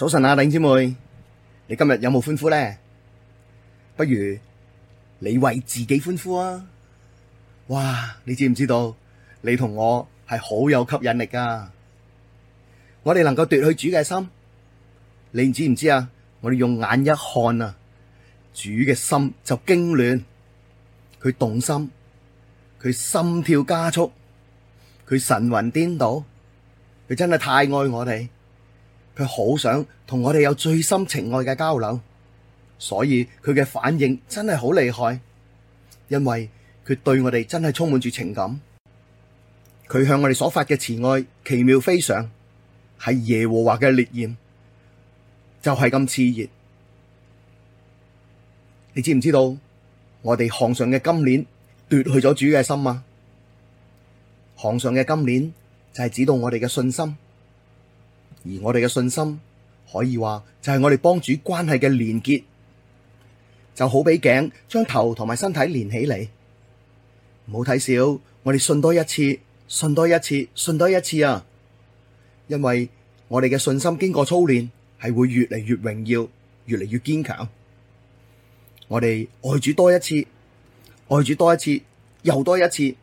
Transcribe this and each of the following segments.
早晨啊，弟兄姐妹，你今日有冇歡呼咧？不如你為自己歡呼啊！哇，你知唔知道？你同我係好有吸引力噶。我哋能夠奪去主嘅心，你唔知唔知啊？我哋用眼一看啊，主嘅心就驚亂，佢動心，佢心跳加速，佢神魂顛倒，佢真係太愛我哋。佢好想同我哋有最深情愛嘅交流，所以佢嘅反應真係好厲害，因為佢對我哋真係充滿住情感。佢向我哋所發嘅慈愛奇妙非常，係耶和華嘅烈焰，就係咁熾熱。你知唔知道我哋項上嘅金鏈奪去咗主嘅心啊？項上嘅金鏈就係指到我哋嘅信心。而我哋嘅信心，可以話就係我哋幫主關係嘅連結，就好比頸將頭同埋身體連起嚟。唔好睇少，我哋信多一次，信多一次，信多一次啊！因為我哋嘅信心經過操練，係會越嚟越榮耀，越嚟越堅強。我哋愛主多一次，愛主多一次，又多一次，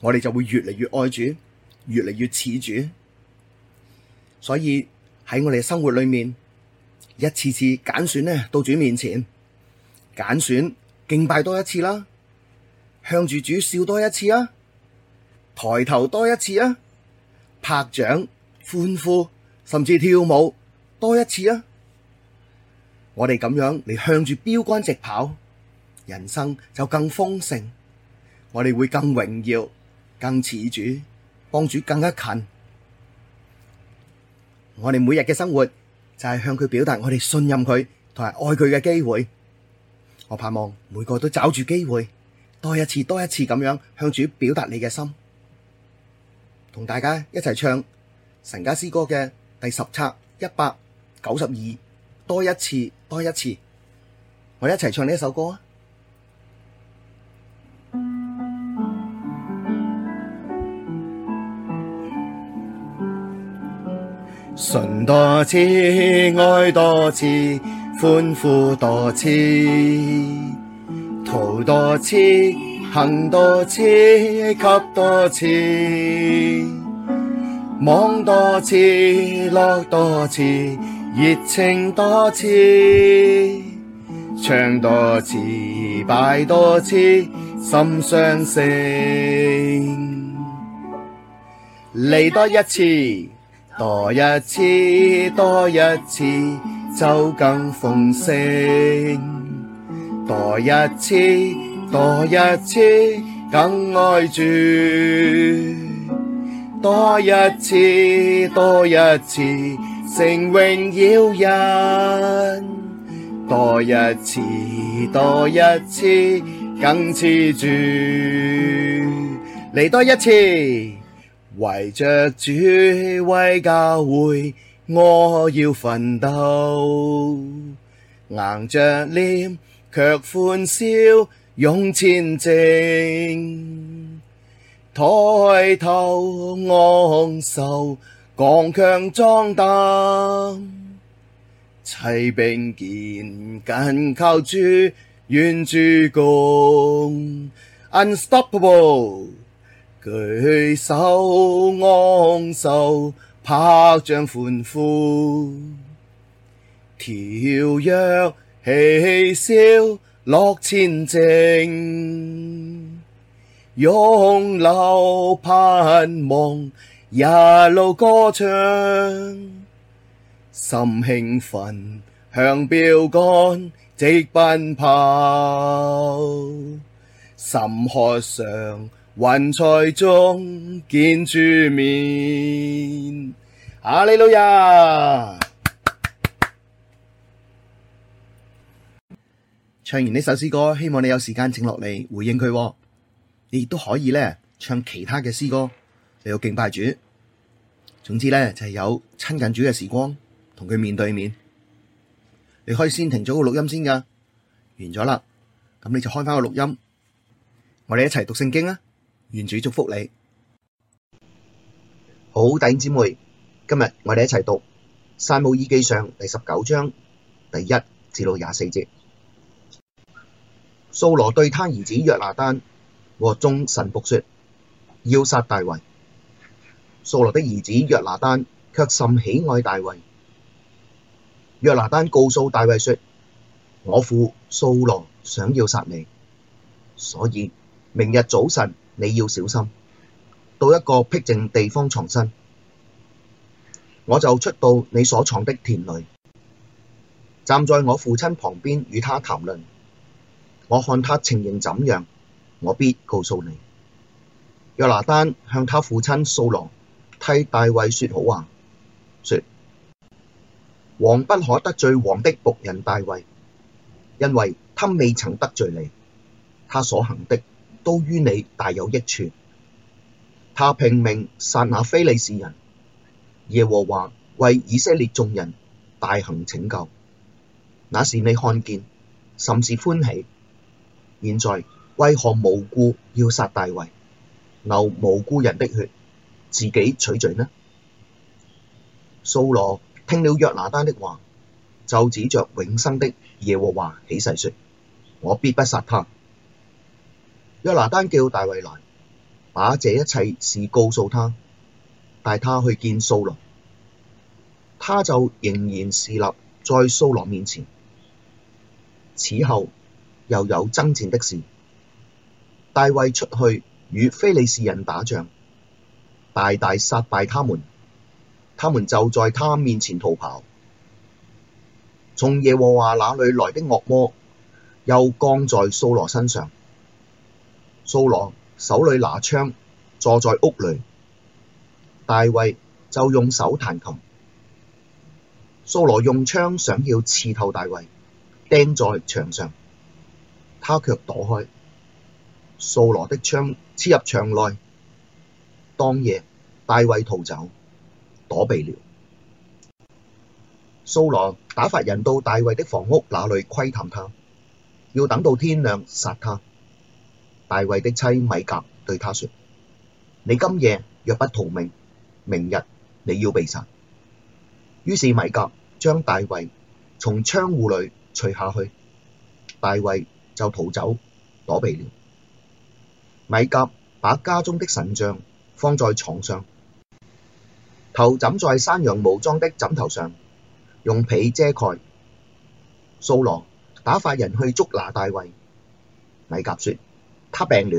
我哋就會越嚟越愛主，越嚟越似主。所以喺我哋生活裏面，一次次揀選咧到主面前，揀選敬拜多一次啦，向住主笑多一次啊，抬頭多一次啊，拍掌歡呼甚至跳舞多一次啊，我哋咁樣嚟向住標杆直跑，人生就更豐盛，我哋會更榮耀，更似主，幫主更加近。我哋每日嘅生活就係向佢表達我哋信任佢同埋愛佢嘅機會。我盼望每個都找住機會，多一次多一次咁樣向主表達你嘅心，同大家一齊唱神家詩歌嘅第十冊一百九十二，多一次多一次，我哋一齊唱呢一首歌啊！信多次，愛多次，歡呼多次，禱多次，行多次，給多次，望多次，樂多次，熱情多次，唱多次，拜多次，心上升，嚟多一次。多一次，多一次，就更豐盛；多一次，多一次，更愛主；多一次，多一次，成榮耀人；多一次，多一次，更似主。來多一次。為着主為教會，我要奮鬥，硬着臉卻歡笑，勇前征，抬頭昂首，剛強壯膽，齊並肩，緊靠主，完主工，Unstoppable。舉手昂首拍掌歡呼，跳躍喜笑樂前征，擁流盼望一路歌唱，心興奮向標竿直奔跑，心渴想。雲彩中見主面，哈利路亞！唱完呢首詩歌，希望你有時間靜落嚟回應佢。你亦都可以咧唱其他嘅詩歌嚟到敬拜主。總之咧就係有親近主嘅時光，同佢面對面。你可以先停咗個錄音先噶，完咗啦，咁你就開翻個錄音，我哋一齊讀聖經啊！願主祝福你，好，弟兄姐妹。今日我哋一齊讀《撒母耳記上》第十九章第一至到廿四節。掃羅對他兒子約拿單和眾臣僕說，要殺大衛。掃羅的兒子約拿單卻甚喜愛大衛。約拿單告訴大衛說：我父掃羅想要殺你，所以明日早晨。你要小心，到一個僻靜地方藏身，我就出到你所藏的田裡，站在我父親旁邊與他談論。我看他情形怎樣，我必告訴你。約拿單向他父親掃羅替大衛說好話，說：王不可得罪王的僕人大衛，因為他未曾得罪你，他所行的。都於你大有益處。他拚命殺那非利士人，耶和華為以色列眾人大行拯救。那時你看見，甚是歡喜。現在為何無故要殺大衛，流無辜人的血，自己取罪呢？掃羅聽了約拿單的話，就指着永生的耶和華起誓說：我必不殺他。約拿單叫大衛來，把這一切事告訴他，帶他去見掃羅，他就仍然侍立在掃羅面前。此後又有爭戰的事，大衛出去與非利士人打仗，大大殺敗他們，他們就在他面前逃跑。從耶和華那裡來的惡魔又降在掃羅身上。掃羅手裏拿槍，坐在屋裏。大衛就用手彈琴。掃羅用槍想要刺透大衛，釘在牆上，他却躲開。掃羅的槍刺入牆內。當夜，大衛逃走，躲避了。掃羅打發人到大衛的房屋那裏窺探他，要等到天亮殺他。大衛的妻米甲對他說：你今夜若不逃命，明日你要被殺。於是米甲將大衛從窗戶裏縋下去，大衛就逃走躲避了。米甲把家中的神像放在床上，頭枕在山羊毛裝的枕頭上，用被遮蓋。掃羅打發人去捉拿大衛，米甲說：他病了，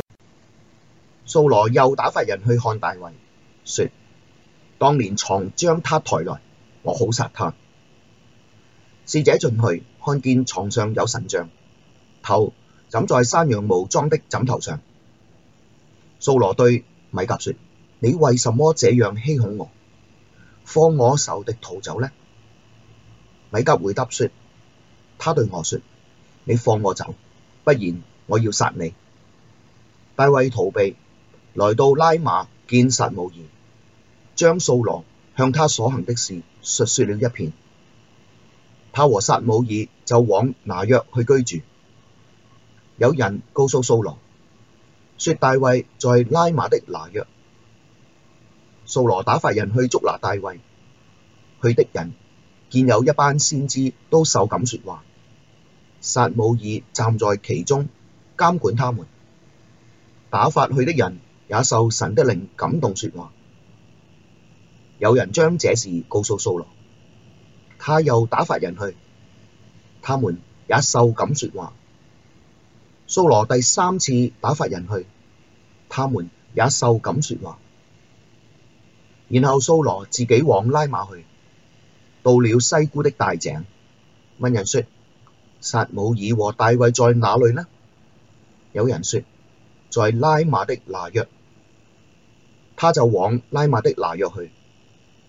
掃羅又打發人去看大衛，說：當連床將他抬來，我好殺他。使者進去看見床上有神像，頭枕在山羊毛裝的枕頭上。掃羅對米甲說：你為什麼這樣欺哄我，放我仇敵逃走呢？米甲回答說：他對我說：你放我走，不然我要殺你。大衛逃避，來到拉瑪見撒母耳，將掃羅向他所行的事述說了一遍。他和撒母耳就往拿約去居住。有人告訴掃羅，說大衛在拉瑪的拿約。掃羅打發人去捉拿大衛，去的人見有一班先知，都受感說話，撒母耳站在其中監管他們。打發去的人也受神的靈感動説話。有人將這事告訴掃羅，他又打發人去，他們也受感説話。掃羅第三次打發人去，他們也受感説話。然後掃羅自己往拉瑪去，到了西沽的大井，問人說：撒母耳和大衛在哪裏呢？有人說。在拉馬的拿約。他就往拉馬的拿約去，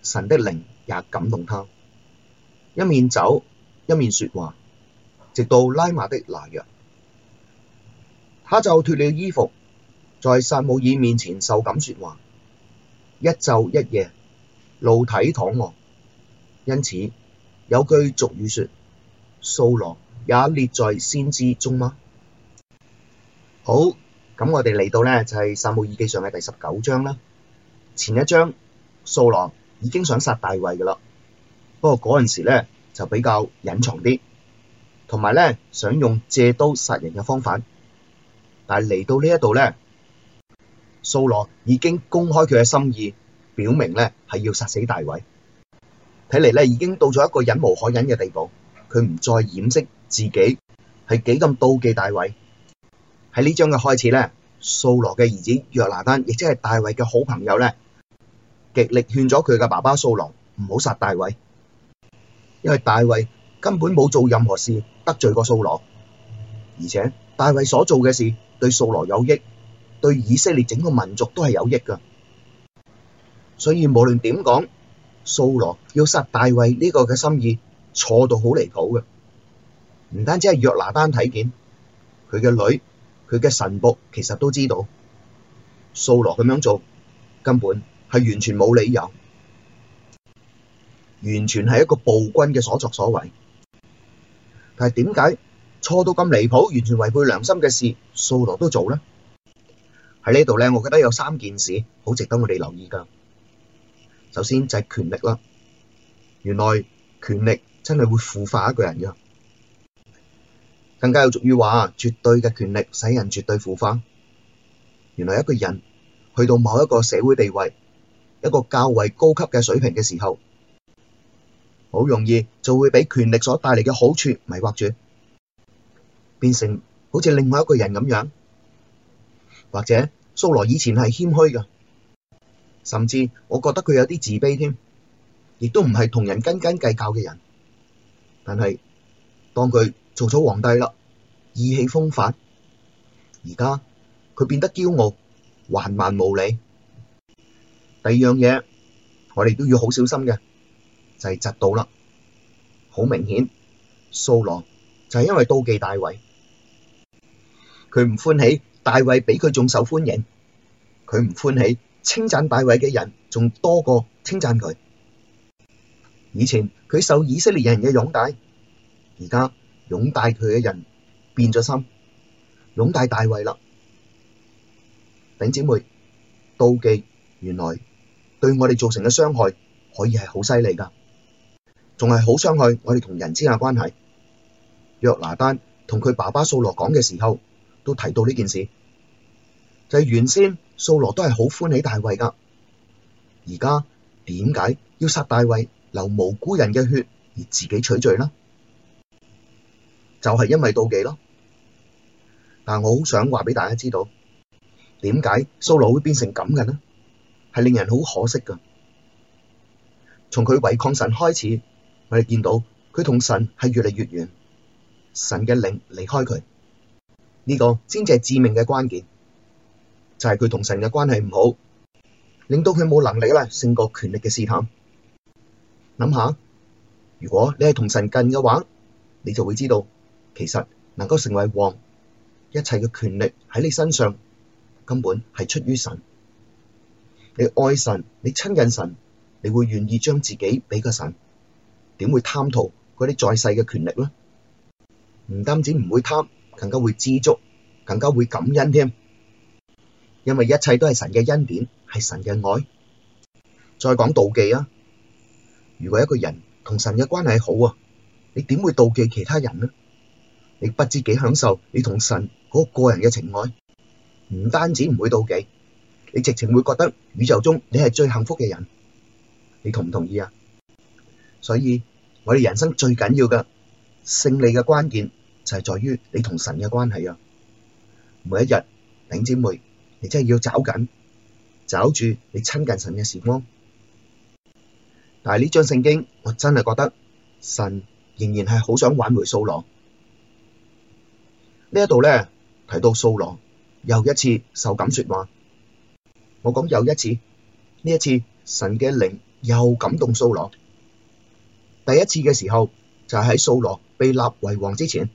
神的靈也感動他，一面走一面說話，直到拉馬的拿約。他就脫了衣服，在撒母耳面前受感說話，一晝一夜，露體躺臥。因此有句俗語說：掃羅也列在先知中嗎？好。咁我哋嚟到呢就係撒母耳記上嘅第十九章啦。前一章，掃羅已經想殺大衛㗎喇，不過嗰陣時呢就比較隱藏啲，同埋呢想用借刀殺人嘅方法。但係嚟到呢一度呢，掃羅已經公開佢嘅心意，表明呢係要殺死大衛。睇嚟呢已經到咗一個忍無可忍嘅地步，佢唔再掩飾自己係幾咁妒忌大衛。喺呢章嘅開始咧，掃羅嘅兒子約拿單，亦即係大衛嘅好朋友咧，極力勸咗佢嘅爸爸掃羅唔好殺大衛，因為大衛根本冇做任何事得罪過掃羅，而且大衛所做嘅事對掃羅有益，對以色列整個民族都係有益㗎。所以無論點講，掃羅要殺大衛呢個嘅心意錯到好離譜嘅，唔單止係約拿單睇見佢嘅女。佢嘅神僕其實都知道，掃羅咁樣做根本係完全冇理由，完全係一個暴君嘅所作所為。但係點解錯到咁離譜，完全違背良心嘅事，掃羅都做呢？喺呢度咧，我覺得有三件事好值得我哋留意噶。首先就係權力啦，原來權力真係會腐化一個人嘅。更加有俗語話，絕對嘅權力使人絕對腐化。原來一個人去到某一個社會地位，一個較為高級嘅水平嘅時候，好容易就會俾權力所帶嚟嘅好處迷惑住，變成好似另外一個人咁樣。或者掃羅以前係謙虛嘅，甚至我覺得佢有啲自卑添，亦都唔係同人斤斤計較嘅人。但係當佢做咗皇帝啦，意氣風發。而家佢變得驕傲，橫蠻無理。第二樣嘢，我哋都要好小心嘅，就係嫉妒啦。好明顯，掃羅就係因為妒忌大衛，佢唔歡喜大衛比佢仲受歡迎，佢唔歡喜稱讚大衛嘅人仲多過稱讚佢。以前佢受以色列人嘅擁戴，而家。擁戴佢嘅人變咗心，擁戴大衛啦，頂姐妹妒忌，原來對我哋造成嘅傷害可以係好犀利噶，仲係好傷害我哋同人之間嘅關係。約拿單同佢爸爸掃羅講嘅時候，都提到呢件事，就係、是、原先掃羅都係好歡喜大衛噶，而家點解要殺大衛，流無辜人嘅血而自己取罪呢？就係因為妒忌咯，但我好想話俾大家知道點解掃羅會變成咁嘅呢？係令人好可惜噶。從佢違抗神開始，我哋見到佢同神係越嚟越遠，神嘅靈離開佢。呢個先至係致命嘅關鍵，就係佢同神嘅關係唔好，令到佢冇能力啦，勝過權力嘅試探。諗下，如果你係同神近嘅話，你就會知道。其實能夠成為王，一切嘅權力喺你身上根本係出於神。你愛神，你親近神，你會願意將自己俾個神，點會貪圖嗰啲在世嘅權力呢？唔單止唔會貪，更加會知足，更加會感恩添。因為一切都係神嘅恩典，係神嘅愛。再講妒忌啊！如果一個人同神嘅關係好啊，你點會妒忌其他人呢？你不知幾享受你同神嗰個，個人嘅情愛，唔單止唔會妒忌,你直情會覺得宇宙中你係最幸福嘅人。你同唔同意啊？所以我哋人生最緊要嘅勝利嘅關鍵就係、是、在於你同神嘅關係啊！每一日，頂姐妹，你真係要抓緊，抓住你親近神嘅時光。但係呢章聖經，我真係覺得神仍然係好想挽回掃羅。呢一度咧，提到掃羅又一次受感說話，我講又一次，呢一次神嘅靈又感動掃羅。第一次嘅時候就係、是、喺掃羅被立為王之前，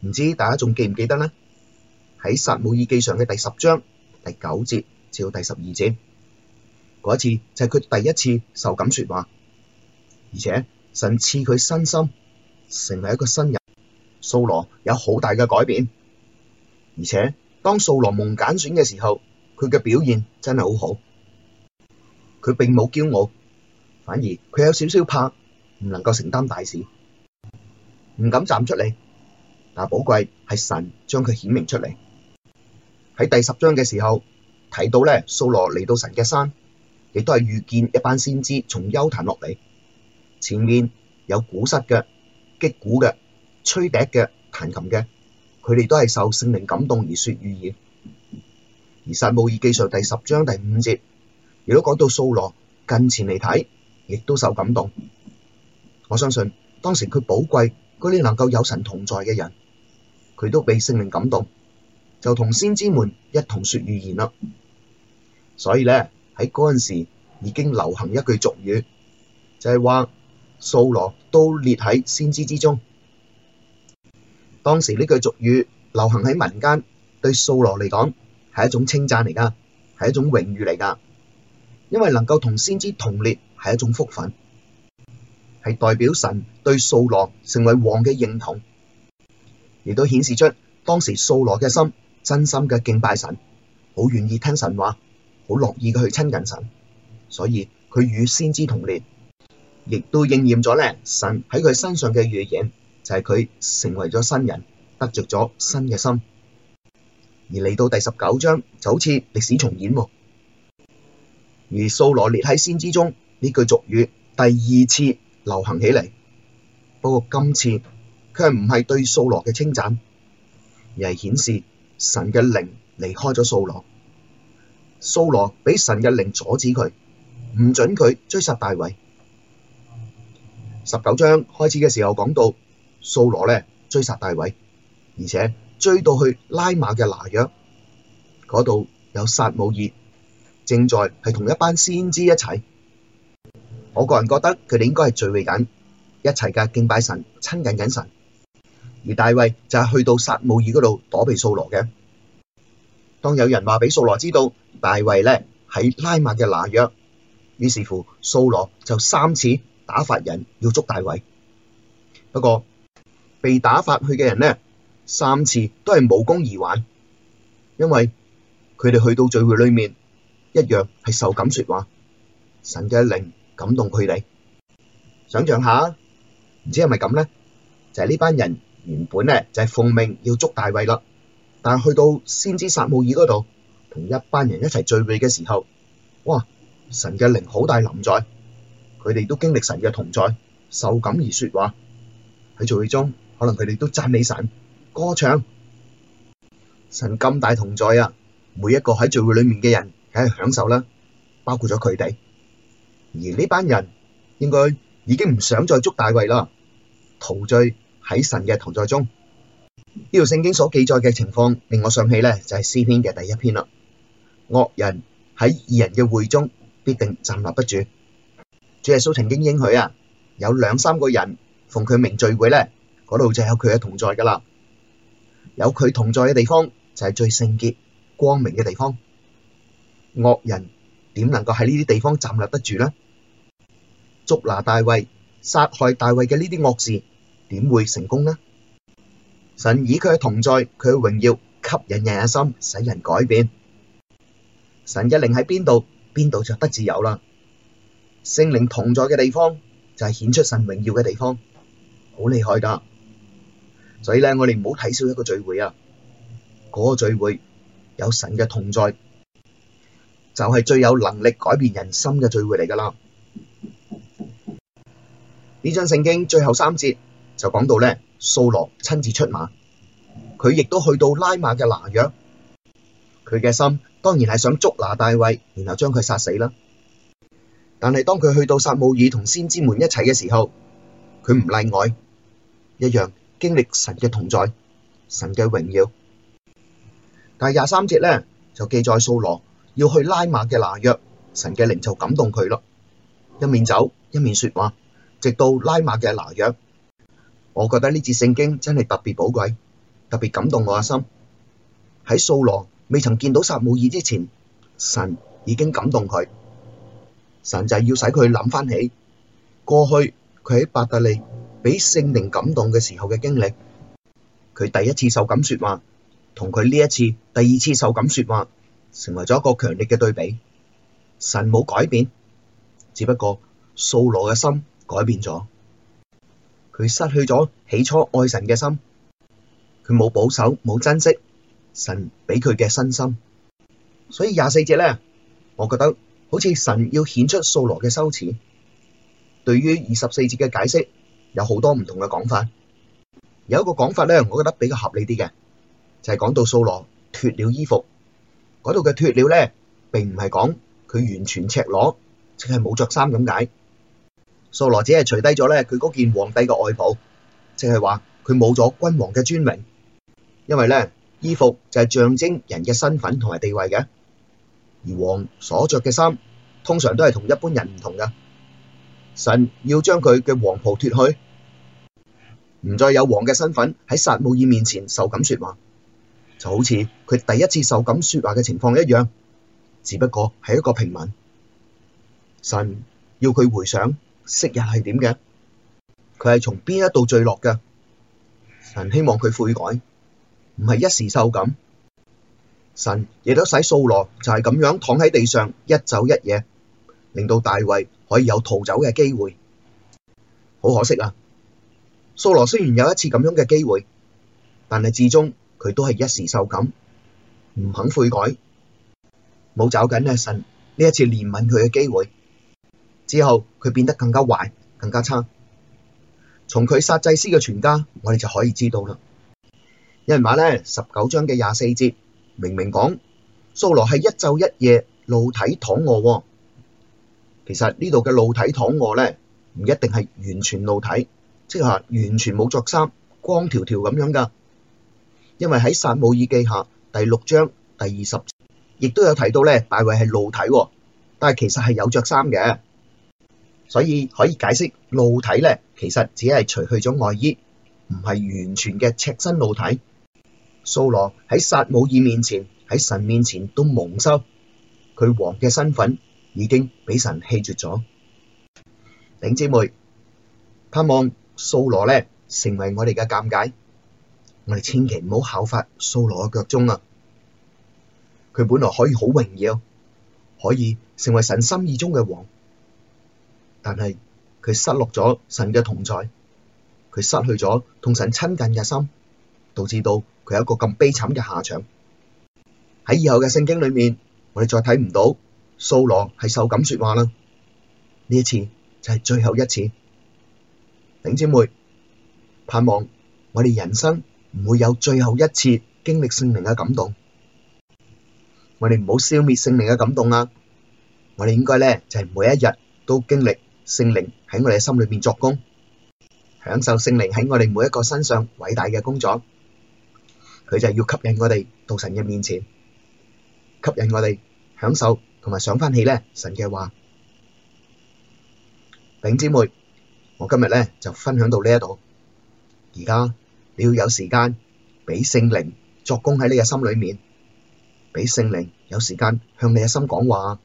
唔知大家仲記唔記得呢？喺撒母耳記上嘅第十章第九節至到第十二節嗰一次就係佢第一次受感說話，而且神賜佢身心成為一個新人。掃羅有好大嘅改變，而且當掃羅蒙揀選嘅時候，佢嘅表現真係好好。佢並冇驕傲，反而佢有少少怕，唔能夠承擔大事，唔敢站出嚟。但寶貴係神將佢顯明出嚟。喺第十章嘅時候睇到咧，掃羅嚟到神嘅山，亦都係遇見一班先知從邱壇落嚟，前面有鼓瑟腳擊鼓嘅，吹笛嘅、彈琴嘅，佢哋都係受聖靈感動而說預言。而《撒母耳記》上第十章第五節，亦都講到掃羅近前嚟睇，亦都受感動。我相信當時佢寶貴嗰啲能夠有神同在嘅人，佢都被聖靈感動，就同先知們一同說預言啦。所以咧喺嗰陣時已經流行一句俗語，就係話掃羅都列喺先知之中。當時呢句俗語流行喺民間，對掃羅嚟講係一種稱讚嚟㗎，係一種榮譽嚟㗎。因為能夠同先知同列係一種福分，係代表神對掃羅成為王嘅認同，亦都顯示出當時掃羅嘅心真心嘅敬拜神，好願意聽神話，好樂意嘅去親近神。所以佢與先知同列，亦都應驗咗咧神喺佢身上嘅預言。就係佢成為咗新人，得着咗新嘅心，而嚟到第十九章就好似歷史重演。而掃羅列喺先知之中呢句俗語第二次流行起嚟，不過今次卻唔係對掃羅嘅稱讚，而係顯示神嘅靈離開咗掃羅，掃羅畀神嘅靈阻止佢，唔准佢追殺大衛。十九章開始嘅時候講到。掃羅咧追殺大衛，而且追到去拉馬嘅拿約嗰度，有撒母耳正在係同一班先知一齊。我個人覺得佢哋應該係聚會緊一齊嘅敬拜神親近緊神，而大衛就係去到撒母耳嗰度躲避掃羅嘅。當有人話畀掃羅知道大衛咧喺拉馬嘅拿約，於是乎掃羅就三次打發人要捉大衛，不過。被打發去嘅人呢，三次都係無功而還，因為佢哋去到聚會裏面，一樣係受感說話，神嘅靈感動佢哋。想象下，唔知係咪咁呢？就係呢班人原本呢，就係奉命要捉大衛啦，但係去到先知撒母耳嗰度，同一班人一齊聚會嘅時候，哇！神嘅靈好大臨在，佢哋都經歷神嘅同在，受感而說話喺聚會中。可能佢哋都讚美神歌唱，神咁大同在啊！每一個喺聚會裏面嘅人，梗係享受啦，包括咗佢哋。而呢班人應該已經唔想再捉大衛啦，陶醉喺神嘅同在中。呢條聖經所記載嘅情況令我想起咧，就係詩篇嘅第一篇啦。惡人喺二人嘅會中必定站立不住。主耶穌曾經應許啊，有兩三個人奉佢名聚會咧。嗰度就有佢嘅同在噶啦，有佢同在嘅地方就係最聖潔光明嘅地方。惡人點能夠喺呢啲地方站立得住呢？捉拿大衛、殺害大衛嘅呢啲惡事點會成功呢？神以佢嘅同在、佢嘅榮耀吸引人嘅心，使人改變。神嘅靈喺邊度，邊度就得自由啦。聖靈同在嘅地方就係顯出神榮耀嘅地方，好厲害噶。所以咧，我哋唔好睇少一個聚會啊！嗰個聚會有神嘅同在，就係最有能力改變人心嘅聚會嚟噶啦。呢章聖經最後三節就講到咧，掃羅親自出馬，佢亦都去到拉馬嘅拿約，佢嘅心當然係想捉拿大衛，然後將佢殺死啦。但係當佢去到撒母耳同先知們一齊嘅時候，佢唔例外，一樣。經歷神嘅同在，神嘅榮耀。但係廿三節咧就記載掃羅要去拉馬嘅拿約，神嘅靈就感動佢咯。一面走一面說話，直到拉馬嘅拿約。我覺得呢節聖經真係特別寶貴，特別感動我嘅心。喺掃羅未曾見到撒母耳之前，神已經感動佢。神就要使佢諗翻起過去佢喺伯特利。俾聖靈感動嘅時候嘅經歷，佢第一次受感說話，同佢呢一次第二次受感說話，成為咗一個強烈嘅對比。神冇改變，只不過掃羅嘅心改變咗，佢失去咗起初愛神嘅心，佢冇保守冇珍惜神俾佢嘅身心，所以廿四節咧，我覺得好似神要顯出掃羅嘅羞恥。對於二十四節嘅解釋，有好多唔同嘅講法，有一個講法咧，我覺得比較合理啲嘅，就係講到掃羅脫了衣服嗰度嘅脫了咧，並唔係講佢完全赤裸，即係冇着衫咁解。掃羅只係除低咗咧佢嗰件皇帝嘅外袍，即係話佢冇咗君王嘅尊名，因為咧衣服就係象徵人嘅身份同埋地位嘅，而王所着嘅衫通常都係同一般人唔同噶。神要將佢嘅皇袍脫去，唔再有王嘅身份，喺撒母耳面前受感說話，就好似佢第一次受感說話嘅情況一樣，只不過係一個平民。神要佢回想昔日係點嘅，佢係從邊一度墜落嘅。神希望佢悔改，唔係一時受感。神亦都使掃羅就係咁樣躺喺地上，一走一夜。令到大衛可以有逃走嘅機會，好可惜啊！掃羅雖然有一次咁樣嘅機會，但係至終佢都係一時受感，唔肯悔改，冇找緊咧神呢一次憐憫佢嘅機會之後，佢變得更加壞，更加差。從佢殺祭司嘅全家，我哋就可以知道啦。有人話咧，十九章嘅廿四節明明講掃羅係一晝一夜露體躺臥。其實呢度嘅露體躺臥咧，唔一定係完全露體，即係話完全冇着衫，光條條咁樣噶。因為喺撒母耳記下第六章第二十節，亦都有提到咧，大衛係露體，但係其實係有着衫嘅，所以可以解釋露體咧，其實只係除去咗外衣，唔係完全嘅赤身露體。掃羅喺撒母耳面前，喺神面前都蒙羞，佢王嘅身份。已經畀神棄絕咗，頂姐妹盼望掃羅咧成為我哋嘅鑒戒。我哋千祈唔好效法掃羅嘅腳蹤啊！佢本來可以好榮耀，可以成為神心意中嘅王，但係佢失落咗神嘅同在，佢失去咗同神親近嘅心，導致到佢有一個咁悲慘嘅下場。喺以後嘅聖經裏面，我哋再睇唔到。掃羅係受感說話啦，呢一次就係最後一次。頂姊妹盼望我哋人生唔會有最後一次經歷聖靈嘅感動，我哋唔好消滅聖靈嘅感動啊！我哋應該咧就係每一日都經歷聖靈喺我哋嘅心裏面作工，享受聖靈喺我哋每一個身上偉大嘅工作，佢就係要吸引我哋到神嘅面前，吸引我哋享受。同埋想翻起咧神嘅話，丙姊妹，我今日咧就分享到呢一度。而家你要有時間畀聖靈作工喺你嘅心裏面，畀聖靈有時間向你嘅心講話。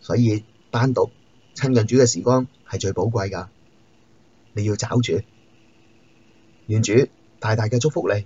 所以單獨親近主嘅時光係最寶貴㗎，你要抓住，願主大大嘅祝福你。